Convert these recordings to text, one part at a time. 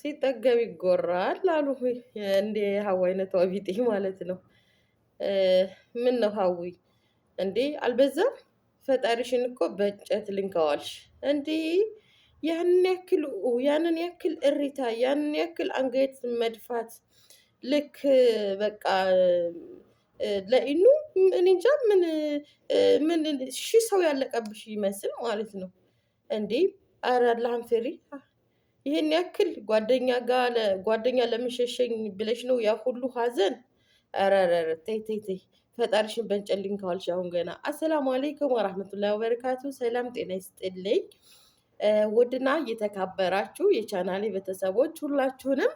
ሲጠገብ ይጎራል አሉ። እንደ ሀዊ አይነት ቢጤ ማለት ነው። ምን ነው ሀዊ እንዴ አልበዛም? ፈጣሪሽን እኮ በእንጨት ልንከዋልሽ እንዴ! ያንን ያክል ያንን ያክል እሪታ፣ ያንን ያክል አንገት መድፋት ልክ በቃ ለኢኑ እኔ እንጃ ምን ምን ሺህ ሰው ያለቀብሽ ይመስል ማለት ነው እንዴ! አረ አላህን ፍሪ። ይሄን ያክል ጓደኛ ጋር ጓደኛ ለመሸሸኝ ብለሽ ነው ያ ሁሉ ሀዘን? ኧረ ተይ ተይ ተይ ፈጣሪሽን በንጨልኝ ልንካዋልሽ። አሁን ገና አሰላሙ አለይኩም ወራህመቱላሂ ወበረካቱ። ሰላም ጤና ይስጥልኝ። ውድና እየተካበራችሁ የቻናሌ ቤተሰቦች ሁላችሁንም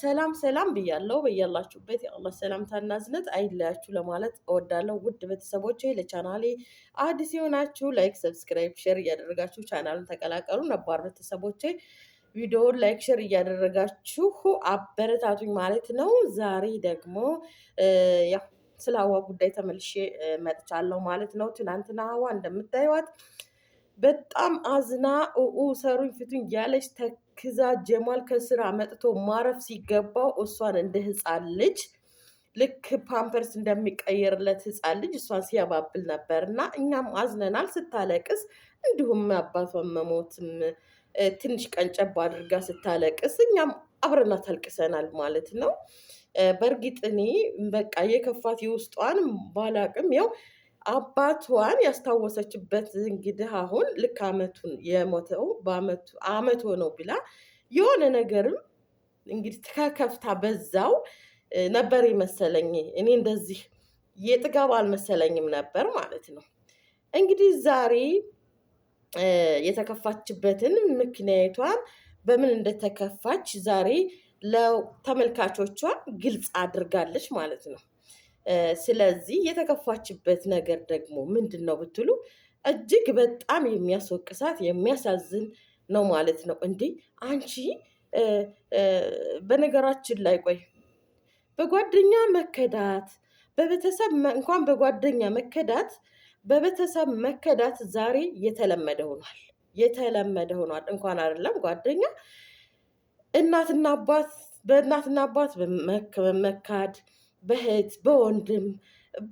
ሰላም ሰላም ብያለው። በያላችሁበት የአላህ ሰላምታና እዝነት አይለያችሁ ለማለት እወዳለሁ። ውድ ቤተሰቦች ለቻናሌ አዲስ የሆናችሁ ላይክ፣ ሰብስክራይብ፣ ሼር እያደረጋችሁ ቻናሉን ተቀላቀሉ። ነባር ቤተሰቦች ቪዲዮውን ላይክ፣ ሸር እያደረጋችሁ አበረታቱኝ ማለት ነው። ዛሬ ደግሞ ያው ስለ ሀዋ ጉዳይ ተመልሼ መጥቻለሁ ማለት ነው። ትናንትና ሀዋ እንደምታይዋት በጣም አዝና ኡ ሰሩኝ ፊቱን እያለች ተክዛ ጀማል ከስራ መጥቶ ማረፍ ሲገባው እሷን እንደ ሕፃን ልጅ ልክ ፓምፐርስ እንደሚቀየርለት ህፃን ልጅ እሷን ሲያባብል ነበር እና እኛም አዝነናል ስታለቅስ እንዲሁም አባቷን መሞትም ትንሽ ቀንጨብ አድርጋ ስታለቅስ እኛም አብረና ታልቅሰናል ማለት ነው። በእርግጥ እኔ በቃ የከፋት የውስጧን ባላቅም ያው አባቷን ያስታወሰችበት እንግዲህ አሁን ልክ አመቱን የሞተው አመቶ ነው ብላ የሆነ ነገርም እንግዲህ ከከፍታ በዛው ነበር የመሰለኝ። እኔ እንደዚህ የጥጋብ አልመሰለኝም ነበር ማለት ነው። እንግዲህ ዛሬ የተከፋችበትን ምክንያቷን በምን እንደተከፋች ዛሬ ለተመልካቾቿ ግልጽ አድርጋለች ማለት ነው። ስለዚህ የተከፋችበት ነገር ደግሞ ምንድን ነው ብትሉ እጅግ በጣም የሚያስወቅሳት የሚያሳዝን ነው ማለት ነው። እንዲ አንቺ በነገራችን ላይ ቆይ በጓደኛ መከዳት በቤተሰብ እንኳን በጓደኛ መከዳት በቤተሰብ መከዳት ዛሬ የተለመደ ሆኗል። የተለመደ ሆኗል እንኳን አይደለም ጓደኛ እናትና አባት በእናትና አባት በመካድ በእህት በወንድም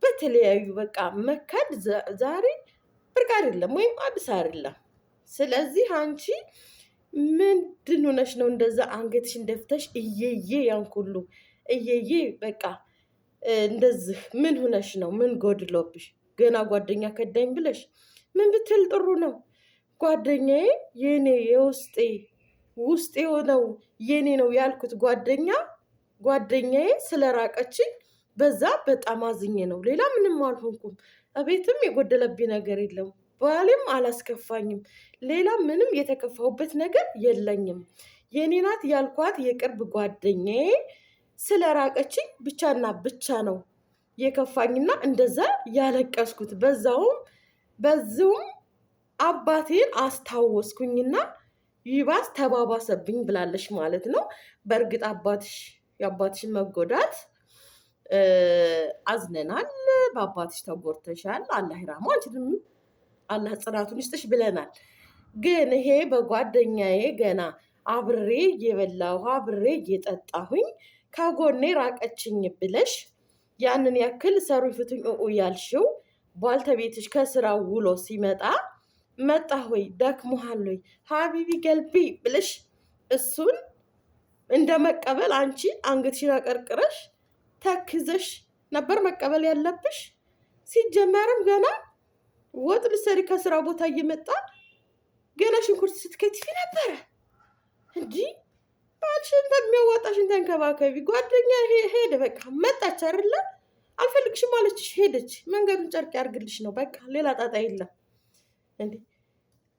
በተለያዩ በቃ መካድ ዛሬ ብርቅ አይደለም ወይም አዲስ አይደለም። ስለዚህ አንቺ ምንድን ሆነሽ ነው እንደዛ አንገትሽን ደፍተሽ እየዬ ያን ሁሉ እየዬ በቃ እንደዚህ ምን ሆነሽ ነው? ምን ጎድሎብሽ? ገና ጓደኛ ከዳኝ ብለሽ ምን ብትል ጥሩ ነው? ጓደኛዬ የኔ የውስጤ ውስጥ የሆነው የኔ ነው ያልኩት ጓደኛ ጓደኛዬ ስለራቀችኝ በዛ በጣም አዝኜ ነው። ሌላ ምንም አልሆንኩም። እቤትም የጎደለብኝ ነገር የለም። ባሌም አላስከፋኝም። ሌላ ምንም የተከፋሁበት ነገር የለኝም። የኔ ናት ያልኳት የቅርብ ጓደኛዬ ስለራቀችኝ ብቻና ብቻ ነው። የከፋኝና እንደዛ ያለቀስኩት በዛውም በዚሁም አባቴን አስታወስኩኝና ይባስ ተባባሰብኝ ብላለች ማለት ነው። በእርግጥ አባትሽ የአባትሽን መጎዳት አዝነናል። በአባትሽ ተጎድተሻል። አላህ ይራሙ አንችንም አላህ ጽናቱን ይስጥሽ ብለናል። ግን ይሄ በጓደኛዬ ገና አብሬ እየበላሁ አብሬ እየጠጣሁኝ ከጎኔ ራቀችኝ ብለሽ ያንን ያክል ሰሩ ፍቱኝ እኡ ያልሽው ባልተቤትሽ ከስራ ውሎ ሲመጣ መጣ ሆይ ደክሞሃል ሆይ ሀቢቢ ገልቢ ብልሽ እሱን እንደ መቀበል አንቺ አንገትሽን አቀርቅረሽ ተክዘሽ ነበር መቀበል ያለብሽ። ሲጀመርም ገና ወጥ ልሰሪ ከስራ ቦታ እየመጣ ገና ሽንኩርት ስትከትፊ ነበረ እንዲህ አልሽን በሚያዋጣሽን ተንከባከቢ። ጓደኛ ሄደ በቃ መጣች አይደለ? አልፈልግሽም አለችሽ፣ ሄደች። መንገዱን ጨርቅ ያርግልሽ ነው በቃ፣ ሌላ ጣጣ የለም። እንዴ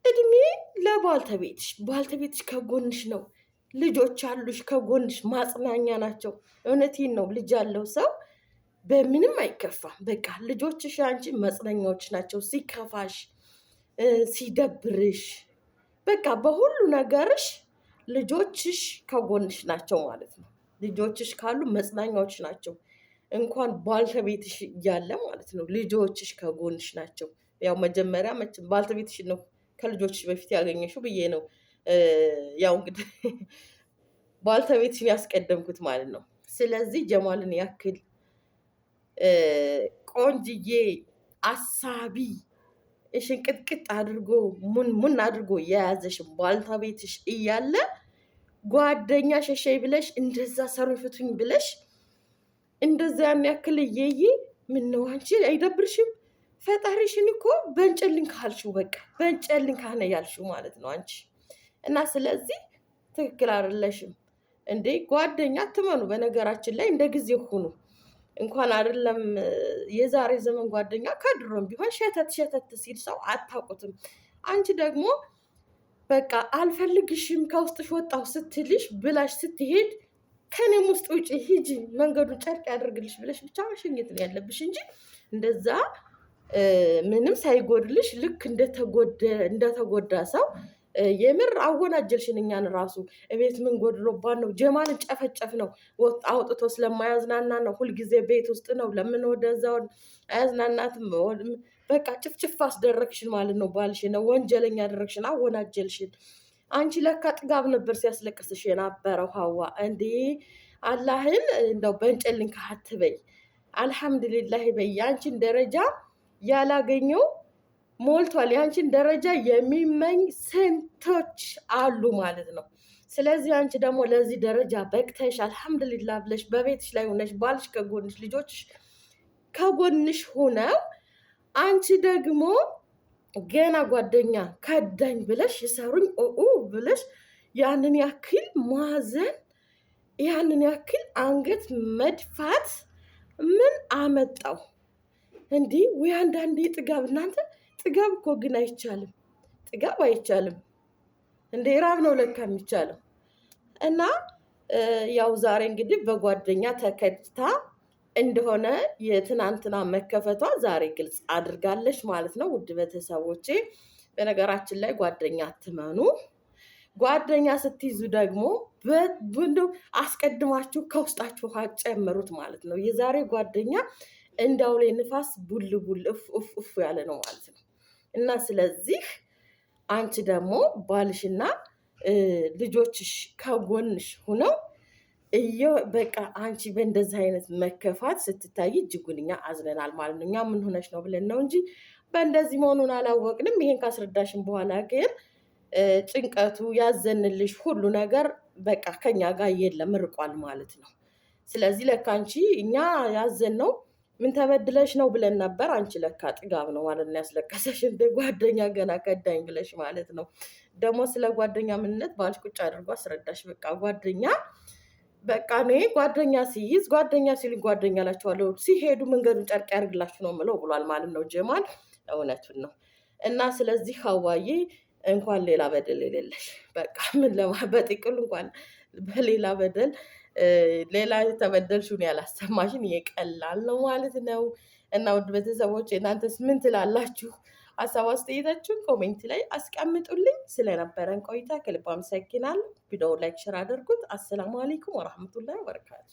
እድሜ ለባልተቤትሽ፣ ባልተቤትሽ ከጎንሽ ነው። ልጆች አሉሽ ከጎንሽ ማጽናኛ ናቸው። እውነቴን ነው። ልጅ ያለው ሰው በምንም አይከፋም። በቃ ልጆችሽ አንቺ መጽናኛዎች ናቸው። ሲከፋሽ፣ ሲደብርሽ፣ በቃ በሁሉ ነገርሽ ልጆችሽ ከጎንሽ ናቸው ማለት ነው። ልጆችሽ ካሉ መጽናኛዎች ናቸው። እንኳን ባልተቤትሽ እያለ ማለት ነው ልጆችሽ ከጎንሽ ናቸው። ያው መጀመሪያ መቼም ባልተቤትሽ ነው ከልጆችሽ በፊት ያገኘሽው ብዬ ነው። ያው እንግዲህ ባልተቤትሽን ያስቀደምኩት ማለት ነው። ስለዚህ ጀማልን ያክል ቆንጅዬ አሳቢ ቅጥቅጥ አድርጎ ሙን ሙን አድርጎ የያዘሽን ባልታ ቤትሽ እያለ ጓደኛ ሸሸይ ብለሽ እንደዛ ሰሩኝ ፍቱኝ ብለሽ እንደዛ ያን እየይ ምን ነው አንቺ አይደብርሽም? ፈጣሪሽን እኮ በእንጨልን ካልሽው በቃ በእንጨልን ካነ ያልሽው ማለት ነው አንቺ እና ስለዚህ ትክክል አይደለሽም እንዴ ጓደኛ ትመኑ። በነገራችን ላይ እንደ ጊዜ ሁኑ። እንኳን አይደለም የዛሬ ዘመን ጓደኛ ከድሮም ቢሆን ሸተት ሸተት ሲል ሰው አታውቁትም። አንቺ ደግሞ በቃ አልፈልግሽም ከውስጥሽ ወጣሁ ስትልሽ ብላሽ ስትሄድ ከኔም ውስጥ ውጪ ሂጂ መንገዱን ጨርቅ ያደርግልሽ ብለሽ ብቻ መሸኘት ነው ያለብሽ እንጂ እንደዛ ምንም ሳይጎድልሽ ልክ እንደተጎዳ ሰው የምር አወናጀልሽን እኛን ራሱ እቤት ምን ጎድሎባን ነው? ጀማን ጨፈጨፍ ነው አውጥቶ ስለማያዝናና ነው። ሁልጊዜ ቤት ውስጥ ነው። ለምን ወደዛው አያዝናናትም? በቃ ጭፍጭፍ አስደረግሽን ማለት ነው። ነው ወንጀለኛ አደረግሽን፣ አወናጀልሽን። አንቺ ለካ ጥጋብ ነበር ሲያስለቅስሽ የነበረው። ሀዋ እንዲህ አላህን እንደው በእንጨልን ካሀት በይ አልሐምዱሊላህ በይ። የአንቺን ደረጃ ያላገኘው ሞልቷል። የአንቺን ደረጃ የሚመኝ ስንቶች አሉ ማለት ነው። ስለዚህ አንቺ ደግሞ ለዚህ ደረጃ በቅተሽ አልሐምዱሊላ ብለሽ በቤትሽ ላይ ሆነሽ ባልሽ ከጎንሽ ልጆች ከጎንሽ ሆነው አንቺ ደግሞ ገና ጓደኛ ከዳኝ ብለሽ ይሰሩኝ ኦኡ ብለሽ ያንን ያክል ማዘን ያንን ያክል አንገት መድፋት ምን አመጣው? እንዲህ ወይ አንዳንዴ ጥጋብ እናንተ ጥጋብ እኮ ግን አይቻልም። ጥጋብ አይቻልም። እንደ ራብ ነው ለካ የሚቻለው። እና ያው ዛሬ እንግዲህ በጓደኛ ተከድታ እንደሆነ የትናንትና መከፈቷ ዛሬ ግልጽ አድርጋለች ማለት ነው። ውድ ቤተሰቦቼ፣ በነገራችን ላይ ጓደኛ አትመኑ። ጓደኛ ስትይዙ ደግሞ አስቀድማችሁ ከውስጣችሁ ውሃ ጨምሩት ማለት ነው። የዛሬ ጓደኛ እንዳውሌ ንፋስ ቡል ቡል እፍ እፍ ያለ ነው ማለት ነው። እና ስለዚህ አንቺ ደግሞ ባልሽና ልጆችሽ ከጎንሽ ሁነው በቃ አንቺ በእንደዚህ አይነት መከፋት ስትታይ እጅጉን እኛ አዝነናል ማለት ነው። እኛ ምን ሆነች ነው ብለን ነው እንጂ በእንደዚህ መሆኑን አላወቅንም። ይሄን ካስረዳሽን በኋላ ግን ጭንቀቱ ያዘንልሽ ሁሉ ነገር በቃ ከኛ ጋር የለም ርቋል ማለት ነው። ስለዚህ ለካ አንቺ እኛ ያዘን ነው ምን ተበድለሽ ነው ብለን ነበር። አንቺ ለካ ጥጋብ ነው ማለት ነው ያስለቀሰሽ። እንደ ጓደኛ ገና ከዳኝ ብለሽ ማለት ነው። ደግሞ ስለ ጓደኛ ምንነት ባልሽ ቁጭ አድርጎ አስረዳሽ። በቃ ጓደኛ በቃ እኔ ጓደኛ ሲይዝ ጓደኛ ሲሉኝ ጓደኛ ላቸዋለሁ፣ ሲሄዱ መንገዱን ጨርቅ ያደርግላችሁ ነው ምለው ብሏል ማለት ነው ጀማል። እውነቱን ነው እና ስለዚህ ሀዋዬ እንኳን ሌላ በደል የሌለሽ በቃ ምን ለማ በጥቅል እንኳን በሌላ በደል ሌላ የተበደልሽውን ያላሰማሽን የቀላል ነው ማለት ነው። እና ውድ ቤተሰቦች እናንተስ ምን ትላላችሁ? ሀሳብ አስተያየታችሁን ኮሜንት ላይ አስቀምጡልኝ። ስለነበረን ቆይታ ከልብ አመሰግናለሁ። ቪዲዮ ላይክ፣ ሸር አድርጉት። አሰላሙ አሌይኩም ወረህመቱላሂ ወበረካቱ